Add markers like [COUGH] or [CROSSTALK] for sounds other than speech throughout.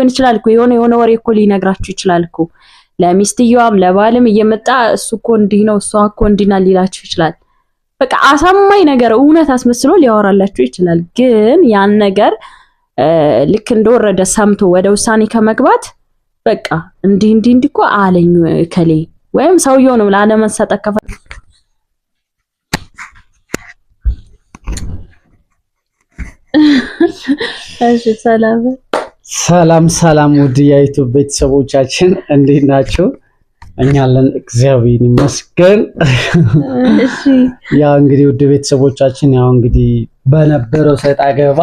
ሊሆን ይችላል እኮ የሆነ የሆነ ወሬ እኮ ሊነግራችሁ ይችላል እኮ ለሚስትየዋም ለባልም እየመጣ እሱ እኮ እንዲህ ነው እሷ እኮ እንዲና ሊላችሁ ይችላል። በቃ አሳማኝ ነገር እውነት አስመስሎ ሊያወራላችሁ ይችላል። ግን ያን ነገር ልክ እንደወረደ ሰምቶ ወደ ውሳኔ ከመግባት በቃ እንዲህ እንዲህ እንዲህ እኮ አለኝ ከሌ ወይም ሰውየው ነው ላለመሰጠት ከፈ እሺ ሰላም ሰላም ሰላም ውድ የዩቱብ ቤተሰቦቻችን እንዴት ናቸው? እኛ አለን እግዚአብሔር ይመስገን። ያው እንግዲህ ውድ ቤተሰቦቻችን ያው እንግዲህ በነበረው ሰጥ አገባ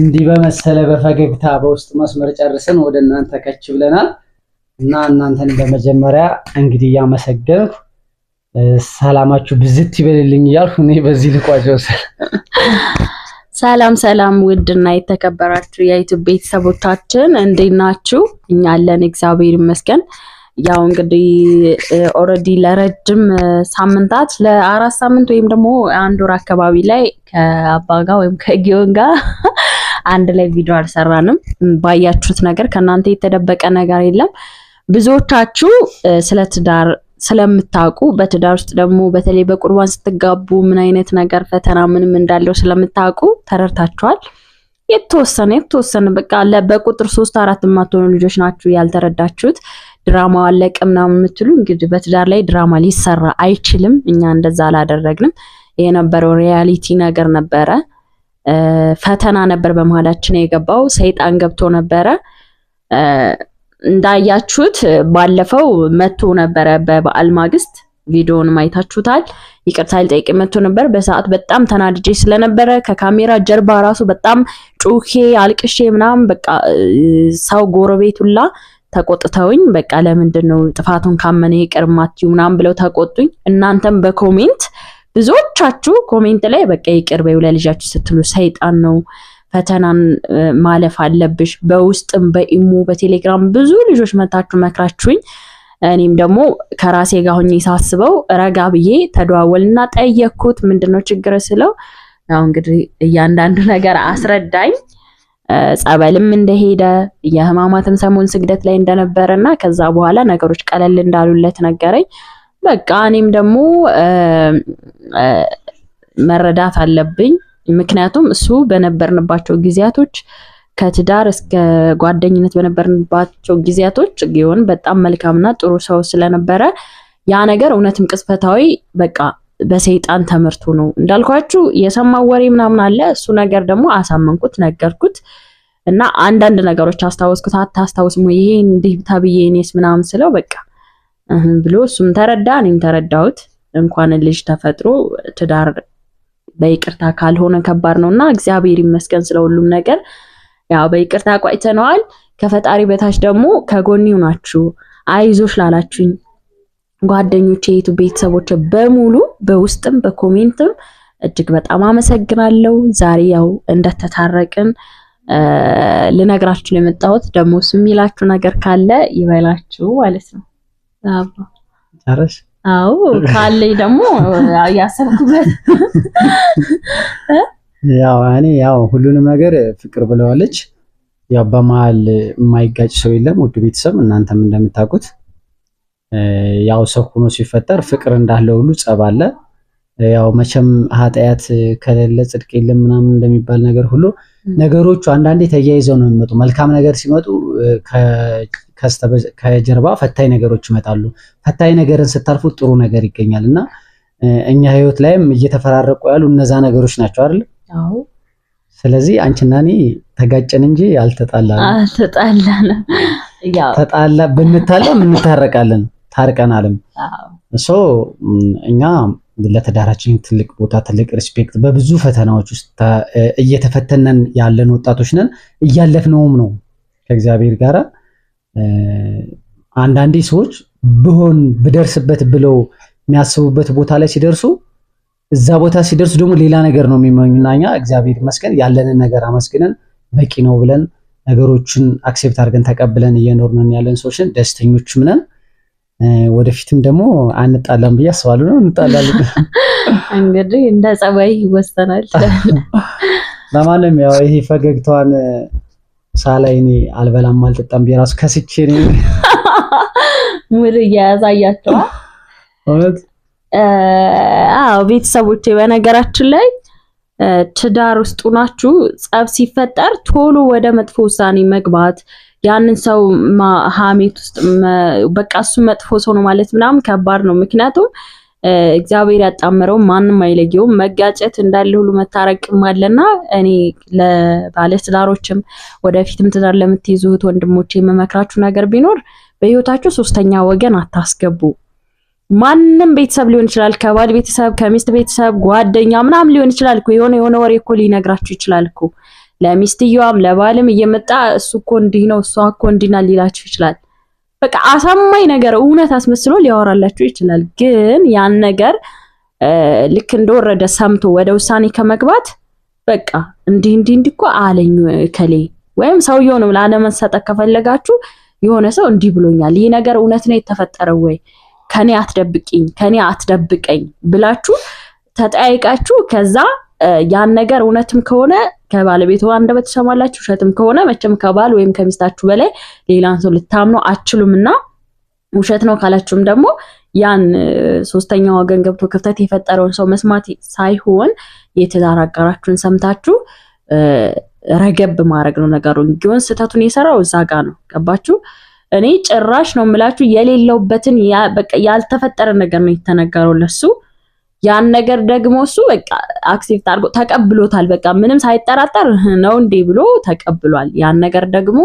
እንዲህ በመሰለ በፈገግታ በውስጥ መስመር ጨርሰን ወደ እናንተ ከች ብለናል እና እናንተን በመጀመሪያ እንግዲህ እያመሰገንኩ ሰላማችሁ ብዝት ይበልልኝ እያልኩ እኔ በዚህ ልቋጨው ሰላም ሰላም ውድና የተከበራችሁ የዩቱብ ቤተሰቦቻችን እንዴት ናችሁ? እኛ አለን እግዚአብሔር ይመስገን። ያው እንግዲህ ኦልሬዲ ለረጅም ሳምንታት ለአራት ሳምንት ወይም ደግሞ አንድ ወር አካባቢ ላይ ከአባ ጋር ወይም ከጊዮን ጋር [LAUGHS] አንድ ላይ ቪዲዮ አልሰራንም። ባያችሁት ነገር ከእናንተ የተደበቀ ነገር የለም። ብዙዎቻችሁ ስለ ትዳር ስለምታውቁ በትዳር ውስጥ ደግሞ በተለይ በቁርባን ስትጋቡ ምን አይነት ነገር ፈተና ምንም እንዳለው ስለምታውቁ ተረድታችኋል። የተወሰነ የተወሰነ በቃ በቁጥር ሶስት አራት የማትሆኑ ልጆች ናችሁ ያልተረዳችሁት። ድራማ አለቀ ምናምን የምትሉ እንግዲህ በትዳር ላይ ድራማ ሊሰራ አይችልም። እኛ እንደዛ አላደረግንም። የነበረው ሪያሊቲ ነገር ነበረ። ፈተና ነበር በመሀላችን የገባው። ሰይጣን ገብቶ ነበረ። እንዳያችሁት ባለፈው መቶ ነበረ በበዓል ማግስት ቪዲዮውን ማየታችሁታል። ይቅርታ ልጠይቅ መቶ ነበር። በሰዓት በጣም ተናድጄ ስለነበረ ከካሜራ ጀርባ ራሱ በጣም ጩኬ አልቅሼ ምናምን በቃ ሰው ጎረቤቱላ ተቆጥተውኝ በቃ ለምንድን ነው ጥፋቱን ካመነ ይቅር ማትዩ ምናምን ብለው ተቆጡኝ። እናንተም በኮሜንት ብዙዎቻችሁ ኮሜንት ላይ በቃ ይቅር ለልጃችሁ ስትሉ ሰይጣን ነው ፈተናን ማለፍ አለብሽ። በውስጥም በኢሙ በቴሌግራም ብዙ ልጆች መታችሁ መክራችሁኝ እኔም ደግሞ ከራሴ ጋር ሆኜ ሳስበው ረጋ ብዬ ተደዋወልና ጠየቅኩት። ምንድነው ችግር ስለው ያው እንግዲህ እያንዳንዱ ነገር አስረዳኝ። ጸበልም እንደሄደ የህማማትም ሰሞን ስግደት ላይ እንደነበረ እና ከዛ በኋላ ነገሮች ቀለል እንዳሉለት ነገረኝ። በቃ እኔም ደግሞ መረዳት አለብኝ ምክንያቱም እሱ በነበርንባቸው ጊዜያቶች ከትዳር እስከ ጓደኝነት በነበርንባቸው ጊዜያቶች ጊዮን በጣም መልካምና ጥሩ ሰው ስለነበረ ያ ነገር እውነትም ቅጽበታዊ በቃ በሰይጣን ተመርቶ ነው እንዳልኳችሁ የሰማው ወሬ ምናምን አለ። እሱ ነገር ደግሞ አሳመንኩት፣ ነገርኩት እና አንዳንድ ነገሮች አስታወስኩት። አታስታውስም ይሄ እንዲህ ተብዬ እኔስ ምናምን ስለው በቃ ብሎ እሱም ተረዳ፣ እኔም ተረዳሁት። እንኳን ልጅ ተፈጥሮ ትዳር በይቅርታ ካልሆነ ከባድ ነው እና እግዚአብሔር ይመስገን ስለ ሁሉም ነገር። ያው በይቅርታ ቋጭተነዋል። ከፈጣሪ በታች ደግሞ ከጎኒው ናችሁ አይዞሽ ላላችሁኝ ጓደኞች የቱ ቤተሰቦች በሙሉ በውስጥም በኮሜንትም እጅግ በጣም አመሰግናለሁ። ዛሬ ያው እንደተታረቅን ልነግራችሁ ነው የመጣሁት። ደግሞ እሱ የሚላችሁ ነገር ካለ ይበላችሁ ማለት ነው። አዎ ካለኝ ደግሞ ያሰብኩበት ያው እኔ ያው ሁሉንም ነገር ፍቅር ብለዋለች። ያው በመሀል የማይጋጭ ሰው የለም። ውድ ቤተሰብ እናንተም እንደምታውቁት ያው ሰው ሆኖ ሲፈጠር ፍቅር እንዳለ ሁሉ ጸብ አለ። ያው መቼም ኃጢአት ከሌለ ጽድቅ የለም ምናምን እንደሚባል ነገር ሁሉ ነገሮቹ አንዳንዴ ተያይዘው ነው የሚመጡ። መልካም ነገር ሲመጡ ከጀርባ ፈታኝ ነገሮች ይመጣሉ። ፈታኝ ነገርን ስታልፉ ጥሩ ነገር ይገኛል እና እኛ ህይወት ላይም እየተፈራረቁ ያሉ እነዛ ነገሮች ናቸው አይደል? ስለዚህ አንቺና እኔ ተጋጨን እንጂ አልተጣላንም። አልተጣላንም። ያው ተጣላ ብንታላም እንታረቃለን ታርቀናልም። እኛ ለትዳራችን ትልቅ ቦታ ትልቅ ሪስፔክት፣ በብዙ ፈተናዎች ውስጥ እየተፈተነን ያለን ወጣቶች ነን፣ እያለፍነውም ነው ከእግዚአብሔር ጋር። አንዳንዴ ሰዎች ብሆን ብደርስበት ብለው የሚያስቡበት ቦታ ላይ ሲደርሱ እዛ ቦታ ሲደርሱ ደግሞ ሌላ ነገር ነው የሚመኙና እኛ እግዚአብሔር ይመስገን ያለንን ነገር አመስግነን በቂ ነው ብለን ነገሮችን አክሴፕት አድርገን ተቀብለን እየኖርነን ያለን ሰዎችን ደስተኞችም ነን። ወደፊትም ደግሞ አንጣላም ብዬ አስባለሁ። ነው እንጣላለን [LAUGHS] እንግዲህ እንደ ጸባይ ይወሰናል። [LAUGHS] ለማንም ያው ይሄ ፈገግታዋን ሳላይ እኔ አልበላም አልጠጣም ብዬ ራሱ ከስቼ ነው [LAUGHS] ሙሉ እያያዛያቸዋል። አዎ ቤተሰቦቼ፣ በነገራችን ላይ ትዳር ውስጥ ናችሁ ጸብ ሲፈጠር ቶሎ ወደ መጥፎ ውሳኔ መግባት ያንን ሰው ሀሜት ውስጥ በቃ እሱ መጥፎ ሰው ነው ማለት ምናምን ከባድ ነው። ምክንያቱም እግዚአብሔር ያጣመረው ማንም አይለየውም። መጋጨት እንዳለ ሁሉ መታረቅም አለና እኔ ለባለትዳሮችም ወደፊትም ትዳር ለምትይዙት ወንድሞች የመመክራችሁ ነገር ቢኖር በህይወታችሁ ሶስተኛ ወገን አታስገቡ። ማንም ቤተሰብ ሊሆን ይችላል፣ ከባል ቤተሰብ፣ ከሚስት ቤተሰብ፣ ጓደኛ ምናምን ሊሆን ይችላል። የሆነ የሆነ ወሬ እኮ ሊነግራችሁ ይችላል እኮ ለሚስትየዋም ለባልም እየመጣ እሱ እኮ እንዲህ ነው እሷ እኮ እንዲና ሊላችሁ ይችላል። በቃ አሳማኝ ነገር እውነት አስመስሎ ሊያወራላችሁ ይችላል። ግን ያን ነገር ልክ እንደወረደ ሰምቶ ወደ ውሳኔ ከመግባት በቃ እንዲህ እንዲህ እንዲህ እኮ አለኝ ከሌ ወይም ሰውየውንም ላለመንሰጠት ከፈለጋችሁ የሆነ ሰው እንዲህ ብሎኛል፣ ይህ ነገር እውነት ነው የተፈጠረው ወይ ከኔ አትደብቅኝ ከኔ አትደብቀኝ ብላችሁ ተጠያይቃችሁ ከዛ ያን ነገር እውነትም ከሆነ ከባለቤቷ አንደበት ትሰማላችሁ። ውሸትም ከሆነ መቼም ከባል ወይም ከሚስታችሁ በላይ ሌላን ሰው ልታምኑ አችሉምና እና ውሸት ነው ካላችሁም ደግሞ ያን ሶስተኛ ወገን ገብቶ ክፍተት የፈጠረውን ሰው መስማት ሳይሆን የትዳር አጋራችሁን ሰምታችሁ ረገብ ማድረግ ነው ነገሩ። ጊዮን ስህተቱን የሰራው እዛ ጋ ነው። ገባችሁ? እኔ ጭራሽ ነው የምላችሁ የሌለውበትን ያልተፈጠረ ነገር ነው የተነገረው ለሱ ያን ነገር ደግሞ እሱ በቃ አክሴፕት አድርጎ ተቀብሎታል። በቃ ምንም ሳይጠራጠር ነው እንዴ ብሎ ተቀብሏል። ያን ነገር ደግሞ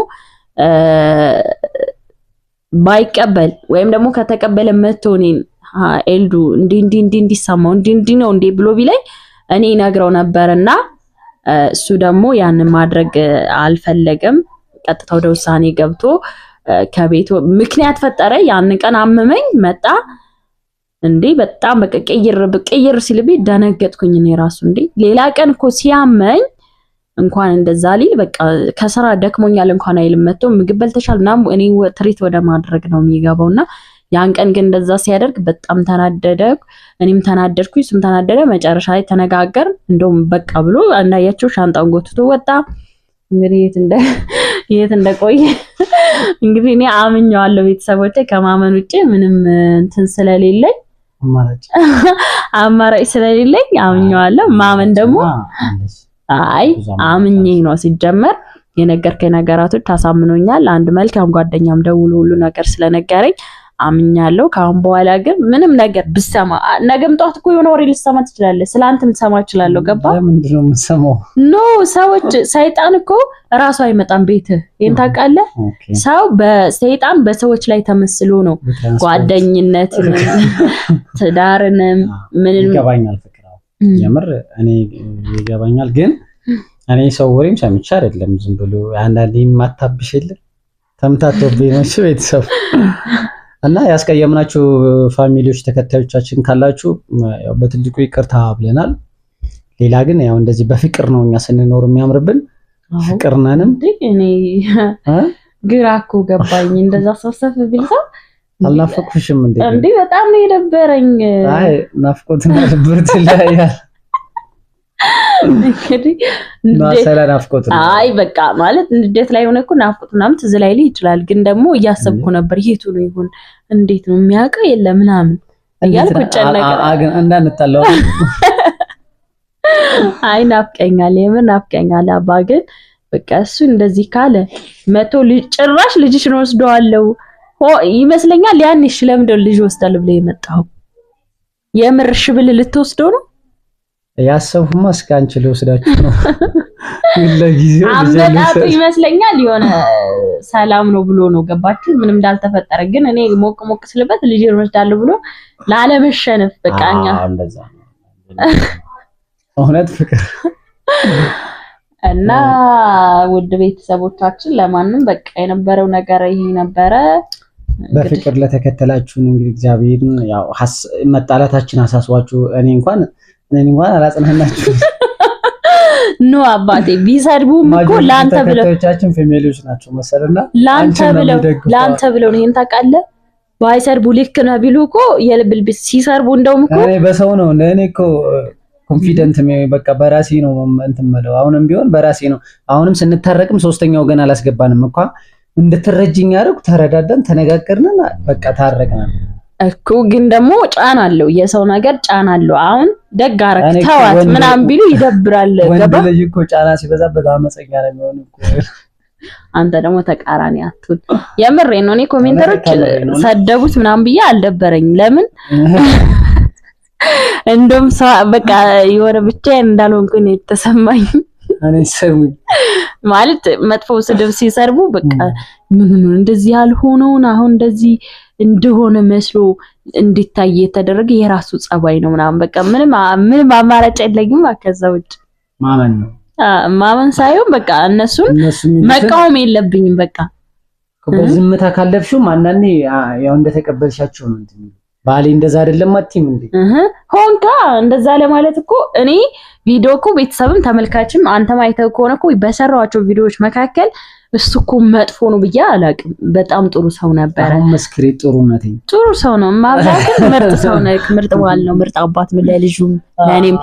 ባይቀበል ወይም ደግሞ ከተቀበለ መቶ እኔን ኤልዱ እንዲ እንዲ እንዲ እንዲሰማው እንዲ እንዲ ነው እንዴ ብሎ ቢለኝ እኔ ነግረው ነበር እና እሱ ደግሞ ያንን ማድረግ አልፈለገም። ቀጥታ ወደ ውሳኔ ገብቶ ከቤቱ ምክንያት ፈጠረ። ያን ቀን አመመኝ መጣ እንዴ በጣም በቃ ቀይር በቀይር ሲልብኝ ደነገጥኩኝ። እኔ ራሱ እንዴ ሌላ ቀን እኮ ሲያመኝ እንኳን እንደዛ ሊል በቃ ከስራ ደክሞኛል እንኳን አይልም። መጥቶ ምግብ በልተሻል ምናምን እኔ ትሪት ወደ ማድረግ ነው የሚገባው እና ያን ቀን ግን እንደዛ ሲያደርግ በጣም ተናደደ። እኔም ተናደድኩ፣ እሱም ተናደደ። መጨረሻ ላይ ተነጋገር እንደውም በቃ ብሎ እንዳያቸው ሻንጣውን ጎትቶ ወጣ። እንግዲህ የት እንደ [LAUGHS] የት እንደቆየ [LAUGHS] እንግዲህ እኔ አምኜዋለሁ ቤተሰቦቼ ከማመን ውጭ ምንም እንትን ስለሌለኝ አማራጭ ስለሌለኝ አምኜዋለሁ። ማመን ደግሞ አይ አምኜ ነው ሲጀመር የነገርከኝ ነገራቶች ታሳምኖኛል። አንድ መልካም ጓደኛም ደውሎ ሁሉ ነገር ስለነገረኝ አምኛለሁ። ከአሁን በኋላ ግን ምንም ነገር ብሰማ ነገም ጠዋት እኮ የሆነ ወሬ ልሰማ ትችላለህ። ስለ አንተም ልሰማ እችላለሁ። ገባ ምንድነው የምሰማው? ኖ ሰዎች ሰይጣን እኮ ራሱ አይመጣም ቤትህ። ይህን ታውቃለህ? ሰው በሰይጣን በሰዎች ላይ ተመስሎ ነው ጓደኝነት፣ [LAUGHS] ትዳርንም ምንም ይገባኛል። ፍቅር የምር እኔ ይገባኛል። ግን እኔ ሰው ወሬም ሰምቼ አይደለም ዝም ብሎ አንዳንዴ የማታብሽ የለም ተምታቶብኝ ነው ቤተሰብ [LAUGHS] እና ያስቀየምናችሁ ፋሚሊዎች ተከታዮቻችን ካላችሁ በትልቁ ይቅርታ ብለናል። ሌላ ግን ያው እንደዚህ በፍቅር ነው እኛ ስንኖር የሚያምርብን ፍቅርነንም እኔ ግራ እኮ ገባኝ። እንደዛ ሰብሰብ ብልሳ አልናፈቅሽም እንዴ? በጣም ነው የደበረኝ። አይ ናፍቆትና ድብርት ይለያያል። አይ በቃ ማለት እንዴት ላይ ሆነ እኮ ናፍቆት ምናምን ትዝ ላይ ይችላል። ግን ደግሞ እያሰብኩ ነበር የቱ ነው ይሁን እንዴት ነው የሚያውቀው የለ ምናምን እያልኩ ጨነቀኝ። እንዳንጣለው [LAUGHS] አይ ናፍቀኛል፣ የምር ናፍቀኛል። አባ ግን በቃ እሱ እንደዚህ ካለ መቶ ጭራሽ ልጅሽን ወስደዋለሁ ይመስለኛል። ያን እሺ፣ ለምንድን ልጅ ወስዳለሁ ብለህ የመጣኸው የምር እሺ ልትወስደው ነው? ያሰብሁማ እስከ አንቺ ልወስዳችሁ ነው። ለጊዜው አመጣጡ ይመስለኛል የሆነ ሰላም ነው ብሎ ነው ገባችሁ፣ ምንም እንዳልተፈጠረ ግን እኔ ሞቅ ሞቅ ስልበት ልጅ እወስዳለሁ ብሎ ላለመሸነፍ በቃ እኛ እውነት ፍቅር እና ውድ ቤተሰቦቻችን ለማንም በቃ የነበረው ነገር ይሄ ነበረ። በፍቅር ለተከተላችሁን እንግዲህ እግዚአብሔርን ያው መጣላታችን አሳስቧችሁ እኔ እንኳን እንኳን አላጽናናችሁ ኖ አባቴ ቢሰድቡም እኮ ለአንተ ብለው ተከታዮቻችን ፌሚሊዎች ናቸው መሰለና ለአንተ ብለው ለአንተ ብለው ነው። ይሄን ታውቃለህ። ባይሰርቡ ልክ ነው ቢሉ እኮ የልብ ልብ ሲሰርቡ እንደውም እኮ እኔ በሰው ነው እኔ እኮ ኮንፊደንት ነው በቃ በራሴ ነው እንትን የምለው አሁንም ቢሆን በራሴ ነው። አሁንም ስንታረቅም ሶስተኛ ወገን አላስገባንም እንኳን እንድትረጅኝ ያደረኩ ተረዳዳን፣ ተነጋገርንን፣ በቃ ታረቅናል። እኮ ግን ደግሞ ጫና አለው፣ የሰው ነገር ጫና አለው። አሁን ደግ አደረግ ተዋት ምናምን ቢሉ ይደብራል። ገባ ልጅ እኮ ጫና ሲበዛ በጣም አመፀኛ ነው የሚሆነው እኮ። አንተ ደግሞ ተቃራኒ አትሁን። የምሬ ነው። እኔ ኮሜንተሮች ሰደቡት ምናምን ብዬ አልደበረኝም። ለምን እንደውም በቃ የሆነ ብቻዬን እንዳልሆንኩኝ የተሰማኝ ማለት መጥፎ ስድብ ሲሰርቡ በቃ ምን እንደዚህ ያልሆነውን አሁን እንደዚህ እንደሆነ መስሎ እንዲታይ የተደረገ የራሱ ጸባይ ነው ምናምን በቃ ምንም ምንም አማራጭ የለኝም። ከዛ ውጭ ማመን ነው ማመን ሳይሆን በቃ እነሱን መቃወም የለብኝም። በቃ በዝምታ ካለፍሽው አንዳንዴ ያው እንደተቀበልሻቸው ነው እንትን ባሌ እንደዛ አይደለም አትይም እንዴ? ሆንካ እንደዛ ለማለት እኮ እኔ ቪዲዮ እኮ ቤተሰብም ተመልካችም አንተም አይተህ ከሆነ እኮ በሰራኋቸው ቪዲዮዎች መካከል እሱ እኮ መጥፎ ነው ብዬ አላውቅም። በጣም ጥሩ ሰው ነበረ። መስክሬ ጥሩ ነው ጥሩ ሰው ነው። ማብዛት ምርጥ ሰው ነው። ምርጥ ባል ነው። ምርጥ አባት ነው። ለልጁም ለእኔም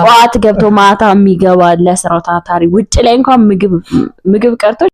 ጠዋት ገብቶ ማታ የሚገባ ለስራው ታታሪ፣ ውጭ ላይ እንኳን ምግብ ምግብ ቀርቶ